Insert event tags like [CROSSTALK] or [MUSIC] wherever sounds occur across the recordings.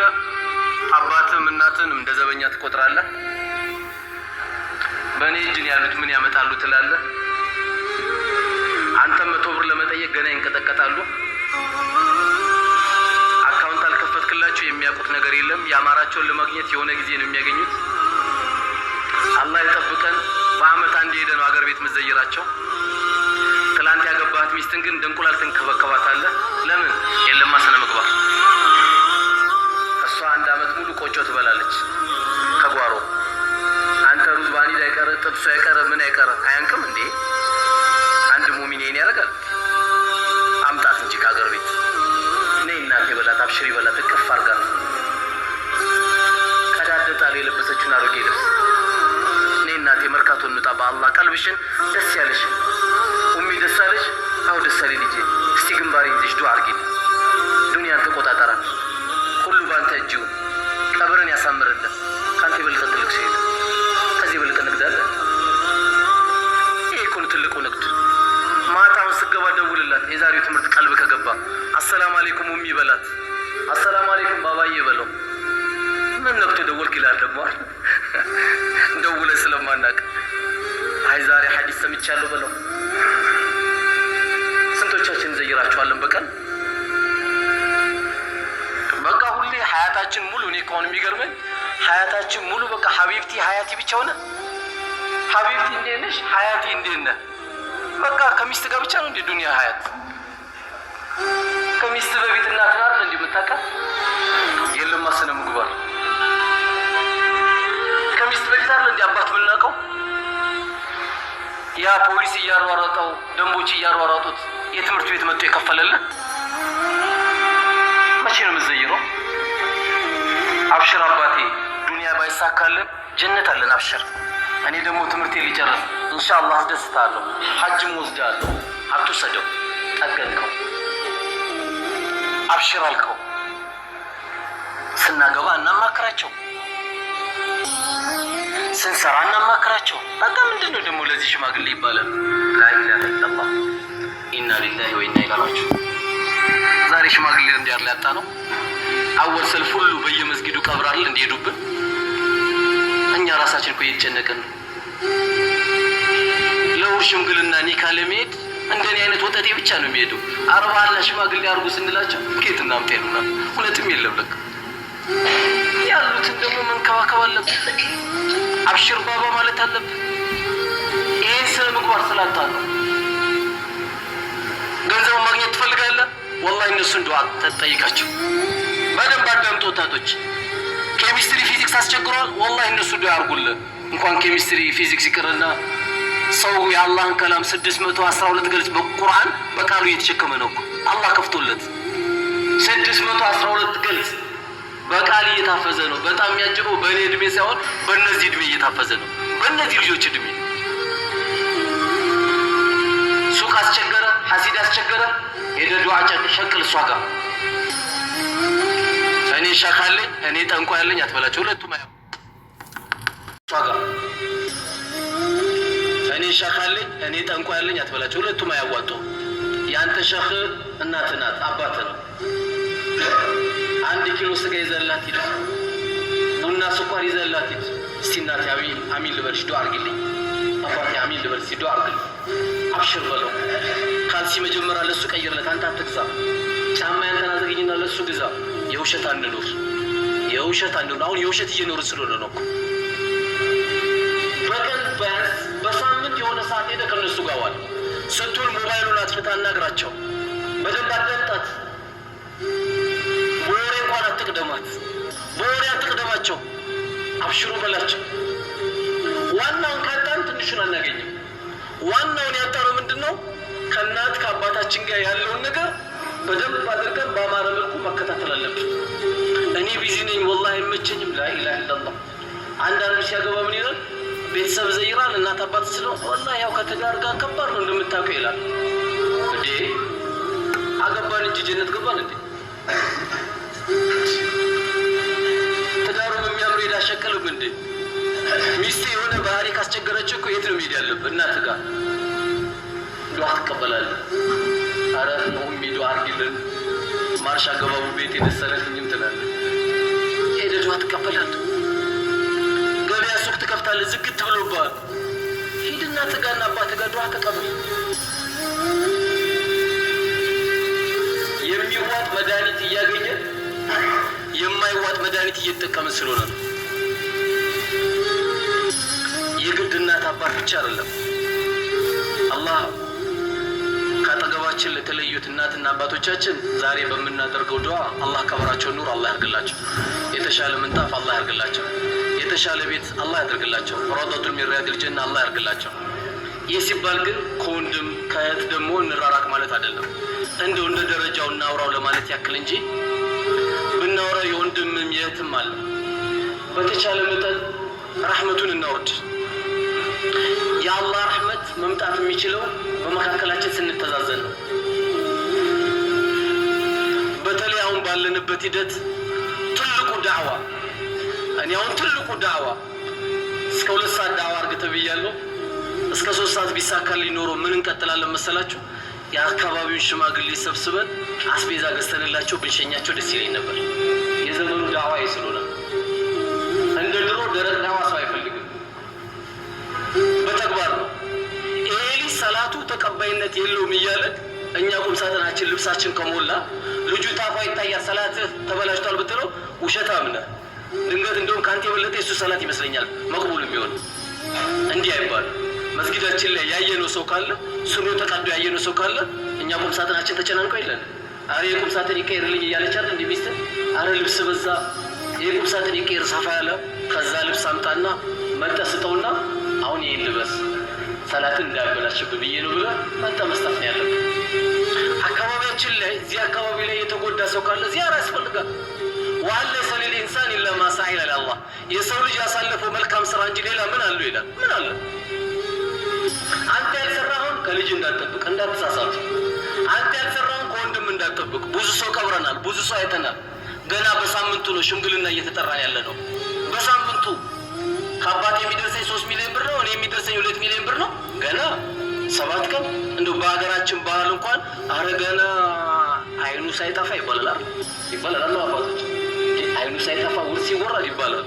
የሌለህ አባትም እናትን እንደ ዘበኛ ትቆጥራለህ። በእኔ እጅን ያሉት ምን ያመጣሉ ትላለህ። አንተም መቶ ብር ለመጠየቅ ገና ይንቀጠቀጣሉ። አካውንት አልከፈትክላቸው የሚያውቁት ነገር የለም። የአማራቸውን ለማግኘት የሆነ ጊዜ ነው የሚያገኙት። አላህ ይጠብቀን። በአመት አንድ ሄደ ነው አገር ቤት መዘየራቸው። ትላንት ያገባት ሚስትን ግን እንደ ትንከበከባታለህ። ለምን? የለማ ስነ ምግባር አንድ አመት ሙሉ ቆጮ ትበላለች ከጓሮ። አንተ ሩዝ ባኒድ አይቀር፣ ጥብሶ አይቀር፣ ምን አይቀር፣ አያንቅም እንዴ? አንድ ሙሚን ይሄን ያደርጋል? አምጣት እንጂ ከሀገር ቤት እኔ እናቴ በላት፣ አብሽሪ በላት፣ እቅፍ አርጋ ከዳደጣል የለበሰችውን አሮጌ ልብስ እኔ እናቴ መርካቶ እንውጣ፣ በአላህ ቀልብሽን ደስ ያለሽ ኡሚ ደስ አለሽ። አሁ ደስ ልጄ የሚደውልላት የዛሬው ትምህርት ቀልብ ከገባ አሰላም አሌይኩም ይበላት አሰላም አሌይኩም ባባዬ በለው። ምን ነክቶ ደወልክ ይላል ደግሞ ደውለ ስለማናቅ አይ ዛሬ ሐዲስ ሰምቻለሁ በለው። ስንቶቻችን እንዘይራቸዋለን በቀን በቃ ሁሌ ሀያታችን ሙሉ እኔ ከሆን የሚገርመኝ ሀያታችን ሙሉ በቃ ሀቢብቲ ሀያቲ ብቻ ሆነ ሀቢብቲ እንዴት ሀያቲ እንዴት በቃ ከሚስት ጋር ብቻ ነው እንደ ዱንያ ሀያት ከሚስት በፊት እናትን ነው እንደ የምታውቃት የለማ ስነ ምግባር ከሚስት በፊት አለ እንደ አባት የምናውቀው ያ ፖሊስ እያሯሯጠው ደንቦች እያሯሯጡት የትምህርት ቤት መጥቶ የከፈለልን መቼ ነው የምትዘይረው? አብሽር አባቴ ዱንያ ባይሳካልን ጀነት አለን። አብሽር እኔ ደግሞ ትምህርቴ ሊጨርስ ኢንሻአላህ ደስታለሁ። ሐጅም ወስዳለሁ። አትውሰደው፣ ጠገንከው፣ አብሽራልከው ስናገባ እናማክራቸው፣ ስንሰራ እናማክራቸው። በቃ ምንድን ነው ደግሞ ለዚህ ሽማግሌ ይባላል። ላኢላሃ ኢለላህ ኢና ሊላሂ ወኢና ኢለይሂ ዛሬ ሽማግሌ እንዲያር ሊያጣ ነው። አወል ሰልፍ ሁሉ በየመስጊዱ ቀብራል እንዲሄዱብን እኛ ራሳችን እኮ እየተጨነቀን ነው። ሽምግልና ኒካ ለመሄድ እንደኔ አይነት ወጠጤ ብቻ ነው የሚሄደው አርባ አላ ሽማግሌ አድርጉ ስንላቸው ጌት እናምጤ ይሉና እውነትም የለም። ለካ ያሉትን ደግሞ መንከባከብ አለብ። አብሽር ባባ ማለት አለብ። ይህን ስነ ምግባር ስላጣ ነው። ገንዘቡ ማግኘት ትፈልጋለህ? ወላሂ እነሱ እንደ ተጠይቃቸው በደንብ አዳምጡ። ወጣቶች ኬሚስትሪ ፊዚክስ አስቸግሯል። ወላሂ እነሱ እንደ ያርጉልህ። እንኳን ኬሚስትሪ ፊዚክስ ይቅርና ሰው የአላህን ከላም ስድስት መቶ በቁርአን በቃሉ እየተሸከመ ነው። አላህ ከፍቶለት ስድስት መቶ በቃል እየታፈዘ ነው። በጣም የሚያጭበው በእኔ እድሜ ሳይሆን በእነዚህ እድሜ እየታፈዘ ነው። በእነዚህ ልጆች እድሜ ሱቅ አስቸገረ፣ ሐሲድ አስቸገረ፣ ሄደ ዱዓ ሸቅል እሷ ጋር እኔ ሻካለኝ እኔ ጠንቋ ያለኝ አትበላቸው ሁለቱም ሼህ ካለኝ እኔ ጠንቋ ያለኝ አትበላቸው። ሁለቱም አያዋጡ። የአንተ ሼህ እናት ናት፣ አባት ነው። አንድ ኪሎ ስጋ ይዘላት ሂድ፣ ቡና ስኳር ይዘላት ሂድ። እስቲ እናቴ አሚን ልበልሽ ዶ አርግልኝ፣ አባቴ አሚን ልበልሽ ዶ አርግልኝ፣ አብሽር በለው። ካልሲ መጀመሪያ ለሱ ቀይርለት፣ አንተ አትግዛ። ጫማ ያንተን አዘግኝና ለሱ ግዛ። የውሸት አንኑር፣ የውሸት አንኑር። አሁን የውሸት እየኖር ስለሆነ ነው ሰዓት ሄደ ከነሱ ጋር ዋል። ስንቱን ሞባይሉን አጥፍታ አናግራቸው። በደንብ አዳምጣት። በወሬ እንኳን አትቅደማት። በወሬ አትቅደማቸው። አብሽሩ በላቸው። ዋናውን ካጣን ትንሹን አናገኝም። ዋናውን ያጣነው ምንድን ነው? ከእናት ከአባታችን ጋር ያለውን ነገር በደንብ አድርገን በአማረ መልኩ መከታተል አለብን። እኔ ቢዚ ነኝ ወላሂ አይመቸኝም። ላኢላሃ ኢለላህ አንዳንዱ ሲያገባ ምን ይላል? ቤተሰብ ዘይራን እናት አባት ስለ ያው ከትዳር ጋር ከባድ ነው እንደምታውቀው ይላል። እንዴ አገባን እንጂ ጀነት ገባን እንዴ? ትዳሩን የሚያምር ሄድ አሸቀልም እንዴ? ሚስቴ የሆነ ባህሪ ካስቸገረች እኮ የት ነው መሄድ ያለብህ? እናት ጋር ዱዓ ትቀበላለህ። አረ ኡሚ ዱዓ አድርጊልን ማርሽ አገባቡ ቤት የደሰረትኝም ትላለ። ሄደ ዱዓ ትቀበላለህ። ይመታል፣ ዝግት ብሎባል። ሂድና ጥጋና አባት ጋር ዱዓ ተቀበል። የሚዋጥ መድኃኒት እያገኘ የማይዋጥ መድኃኒት እየተጠቀምን ስለሆነ ነው። የግድ እናት አባት ብቻ አይደለም። አላህ ከአጠገባችን ለተለዩት እናትና አባቶቻችን ዛሬ በምናደርገው ዱዓ አላህ ቀብራቸው ኑር አላህ ያርግላቸው፣ የተሻለ ምንጣፍ አላህ ያርግላቸው። የተሻለ ቤት አላህ ያደርግላቸው። ሮዶቱል ሚሪያድል ጀና አላህ ያደርግላቸው። ይህ ሲባል ግን ከወንድም ከእህት ደግሞ እንራራቅ ማለት አይደለም። እንደው እንደ ደረጃው እናውራው ለማለት ያክል እንጂ ብናውራ የወንድምም የእህትም አለ። በተቻለ መጠን ረህመቱን እናወድ። የአላህ ረህመት መምጣት የሚችለው በመካከላችን ስንተዛዘን ነው። በተለይ አሁን ባለንበት ሂደት ትልቁ ዳዕዋ እኔ አሁን ትልቁ ዳዋ እስከ ሁለት ሰዓት ዳዋ እርግጥ ብያለሁ። እስከ ሶስት ሰዓት ቢሳካልኝ ኖሮ ምን እንቀጥላለን መሰላችሁ? የአካባቢውን ሽማግሌ ሰብስበን አስቤዛ ገዝተንላቸው ብንሸኛቸው ደስ ይለኝ ነበር። የዘመኑ ዳዋ ስለሆነ እንደ ድሮ ደረቅ ዳዋ ሰው አይፈልግም፣ በተግባር ነው። ኤሊ ሰላቱ ተቀባይነት የለውም እያለ እኛ ቁም ሳጥናችን ልብሳችን ከሞላ ልጁ ታፋ ይታያል፣ ሰላት ተበላሽቷል ብትለው ውሸታም ነህ። ድንገት እንደውም ከአንተ የበለጠ የሱ ሰላት ይመስለኛል መቅቡል የሚሆን እንዲህ አይባል። መስጊዳችን ላይ ያየነው ሰው ካለ ስሩ ተቀዶ ያየነው ሰው ካለ እኛ ቁም ሳጥናችን ተጨናንቀው የለን አረ የቁም ሳጥን ይቀይርልኝ እያለቻል እንዲ ሚስት አረ ልብስ በዛ የቁም ሳጥን ይቀይር ሰፋ ያለ ከዛ ልብስ አምጣና መጠ ስጠውና አሁን ይህን ልበስ ሰላትን እንዳያበላሽብ ብዬ ነው ብለ መጠ መስጠት ነው አካባቢያችን ላይ እዚህ አካባቢ ላይ የተጎዳ ሰው ካለ ዚያራ ያስፈልጋል ዋለ ሰሌል ኢንሳን የሰው ልጅ ያሳለፈው መልካም ስራ እንጂ ሌላ ምን አለው ይላል። ምን አለ አንተ ያልሰራኸውን ከልጅ እንዳትጠብቅ፣ እንዳትሳሳት። አንተ ያልሰራኸውን ከወንድም እንዳትጠብቅ። ብዙ ሰው ቀብረናል፣ ብዙ ሰው አይተናል። ገና በሳምንቱ ነው ሽምግልና እየተጠራን ያለ ነው። በሳምንቱ ከአባት የሚደርሰኝ ሶስት ሚሊዮን ብር ነው፣ እኔ የሚደርሰኝ ሁለት ሚሊዮን ብር ነው። ገና ሰባት ቀን እንደው በሀገራችን ባህል እንኳን አረ ገና አይኑ ሳይጠፋ ይባላል ይባላል አባቶች ኃይሉ ሳይጠፋ ውርስ ይወራል ይባላል።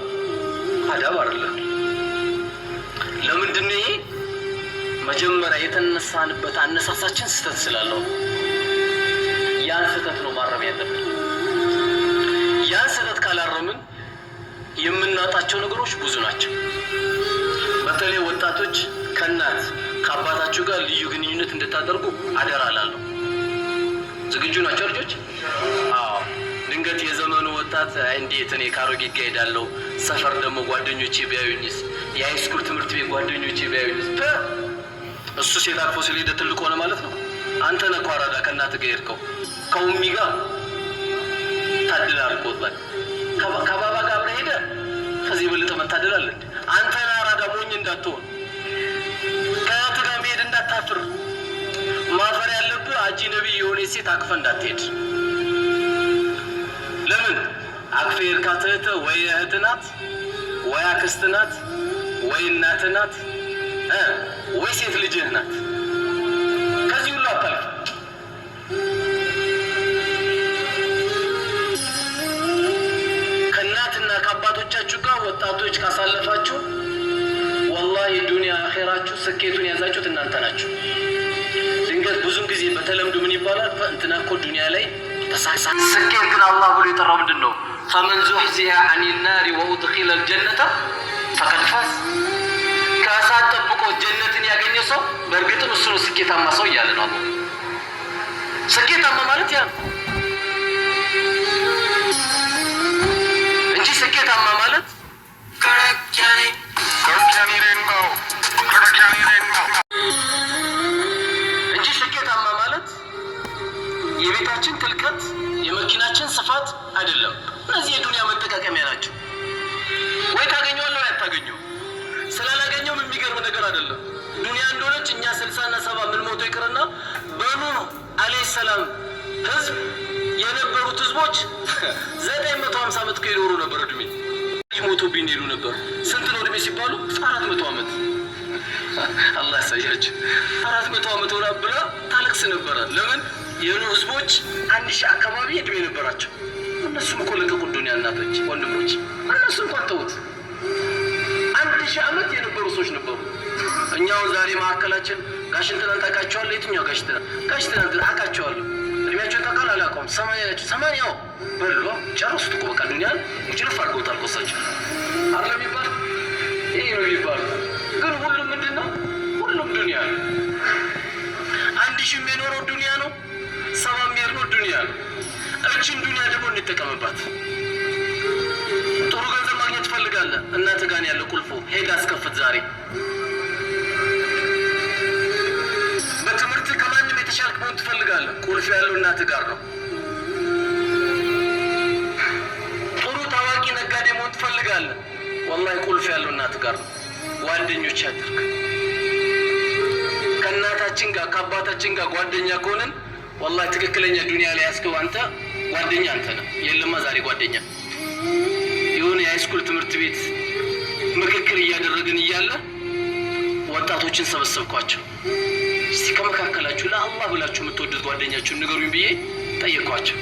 አዳብ አለ። ለምንድን ይሄ መጀመሪያ የተነሳንበት አነሳሳችን ስህተት ስላለው ያን ስህተት ነው ማረም ያለብን። ያን ስህተት ካላረምን የምናጣቸው ነገሮች ብዙ ናቸው። በተለይ ወጣቶች ከእናት ከአባታችሁ ጋር ልዩ ግንኙነት እንድታደርጉ አደራ እላለሁ። ዝግጁ ናቸው ልጆች? አዎ ድንገት የዘመኑ ወጣት እንዴት እኔ ካሮጌ ይካሄዳለሁ? ሰፈር ደግሞ ጓደኞቼ ቢያዩኝስ፣ የሃይስኩል ትምህርት ቤት ጓደኞቼ ቢያዩኝስ። እሱ ሴት አቅፎ ስለሄደ ትልቅ ሆነ ማለት ነው። አንተ ነህ እኮ አራዳ ከእናትህ ጋር ሄድከው ከውሚ ጋር ታድል አልቆታል። ከባባ ጋር አብረህ ሄደህ ከዚህ የበለጠ መታደል አለ? አንተ ነህ አራዳ ሞኝ እንዳትሆን ከእህቱ ጋር መሄድ እንዳታፍር ማፈር ያለብህ አጂ ነቢይ የሆነ ሴት አቅፈ እንዳትሄድ አቅፌ እርካ ወይ እህት ናት ወይ አክስት ናት ወይ እናት ናት ወይ ሴት ልጅህ ናት። ከዚህ ሁሉ አታልፍ። ከእናትና ከአባቶቻችሁ ጋር ወጣቶች ካሳለፋችሁ ወላሂ ዱኒያ አኼራችሁ ስኬቱን ያዛችሁት እናንተ ናችሁ። ድንገት ብዙ ጊዜ በተለምዶ ምን ይባላል እንትና እኮ ዱኒያ ላይ ተሳሳ ስኬት ግን አላህ ብሎ የጠራው ምንድን ነው? ፈመን ዙሕዚሃ አን ናሪ ወኡድኪለ ልጀነተ ፈቀድ ፋዝ። ከእሳት ጠብቆ ጀነትን ያገኘ ሰው በእርግጥም እሱ ነው ስኬታማ ሰው እያለ ነው። ስኬታማ ማለት ያ እንጂ ስኬታማ ማለት እንጂ ስኬታማ ማለት የቤታችን ትልቀት የመኪናችን ስፋት አይደለም። እነዚህ የዱንያ መጠቃቀሚያ ናቸው። ወይ ታገኘዋለህ ወይ አታገኘው። ስላላገኘውም የሚገርም ነገር አይደለም። ዱንያ እንደሆነች እኛ ስልሳና ሰባ ምን ሞቶ ይቅርና በኑ አለይሂ ሰላም ህዝብ የነበሩት ህዝቦች [LAUGHS] ዘጠኝ መቶ ሀምሳ ዓመት ከይኖሩ ነበር እድሜ ይሞቱብኝ ይሉ ነበር። ስንት ነው እድሜ ሲባሉ አራት መቶ ዓመት [LAUGHS] አላህ ያሳያች አራት መቶ ዓመት ሆና ብላ ታለቅስ ነበራል። ለምን የኑ ህዝቦች አንድ ሺህ አካባቢ እድሜ ነበራቸው። እነሱም እኮ ለቀቁ ዱኒያ። እናቶች ወንድሞች፣ እነሱ እንኳን ተውት። አንድ ሺህ ዓመት የነበሩ ሰዎች ነበሩ። እኛው ዛሬ መካከላችን ጋሽን ትናንት አውቃቸዋለሁ። የትኛው ጋሽ ትናንት ጋሽ ትናንት አውቃቸዋለሁ። እድሜያቸው ታውቃል አላውቀውም። ሰማንያ ናቸው። ሰማንያው በሎ ጨረሱት እኮ በቃ ዱኒያን ሙጭልፍ አድርገውታል። ኮሳቸው አለ የሚባል ይህ ነው የሚባል ግን ሁሉም ምንድን ነው? ሁሉም ዱኒያ ነው። አንድ ሺህ የሚኖረው ዱኒያ ነው። ሰባ የሚኖረው ዱኒያ ነው። ያለችን ዱኒያ ደግሞ እንጠቀምባት። ጥሩ ገንዘብ ማግኘት ትፈልጋለህ? እናት ጋን ያለ ቁልፉ ሄድ አስከፍት ዛሬ። በትምህርት ከማንም የተሻልክ መሆን ትፈልጋለህ? ቁልፍ ያለው እናት ጋር ነው። ጥሩ ታዋቂ ነጋዴ መሆን ትፈልጋለህ? ወላሂ ቁልፍ ያለው እናት ጋር ነው። ጓደኞች ያድርግ ከእናታችን ጋር ከአባታችን ጋር ጓደኛ ከሆንን ወላሂ ትክክለኛ ዱንያ ላይ ያስገው አንተ ጓደኛ አንተ ነው። የለማ ዛሬ ጓደኛ የሆነ የሃይስኩል ትምህርት ቤት ምክክር እያደረግን እያለ ወጣቶችን ሰበሰብኳቸው። እስቲ ከመካከላችሁ ለአላህ ብላችሁ የምትወዱት ጓደኛችሁን ንገሩኝ ብዬ ጠየቅኳቸው።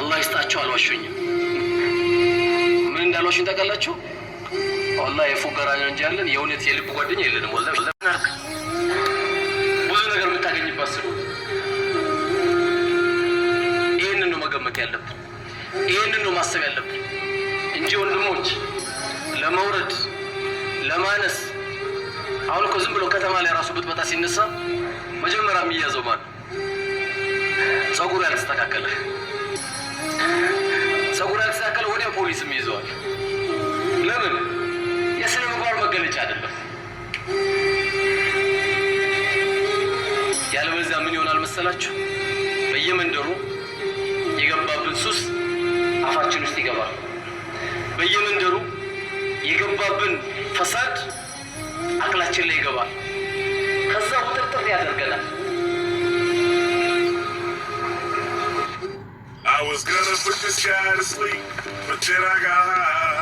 አላህ ይስጣቸው አልዋሾኝም። ምን እንዳልዋሹኝ ታውቃላችሁ? ወላሂ የፉገራ እንጂ ያለን የእውነት የልብ ጓደኛ የለንም። ወላሂ ሲነሳ መጀመሪያ የሚያዘው ማን? ፀጉር ያልተስተካከለ ፀጉር ያልተስተካከለ ወዲያ ፖሊስም ይዘዋል። ለምን? የስነ ምግባር መገለጫ አይደለም። ያለበዚያ ምን ይሆናል መሰላችሁ? በየመንደሩ የገባብን ሱስ አፋችን ውስጥ ይገባል። በየመንደሩ የገባብን ፈሳድ አቅላችን ላይ ይገባል። I was gonna put this guy to sleep, but then I got high.